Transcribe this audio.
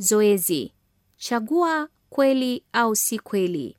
Zoezi: chagua kweli au si kweli.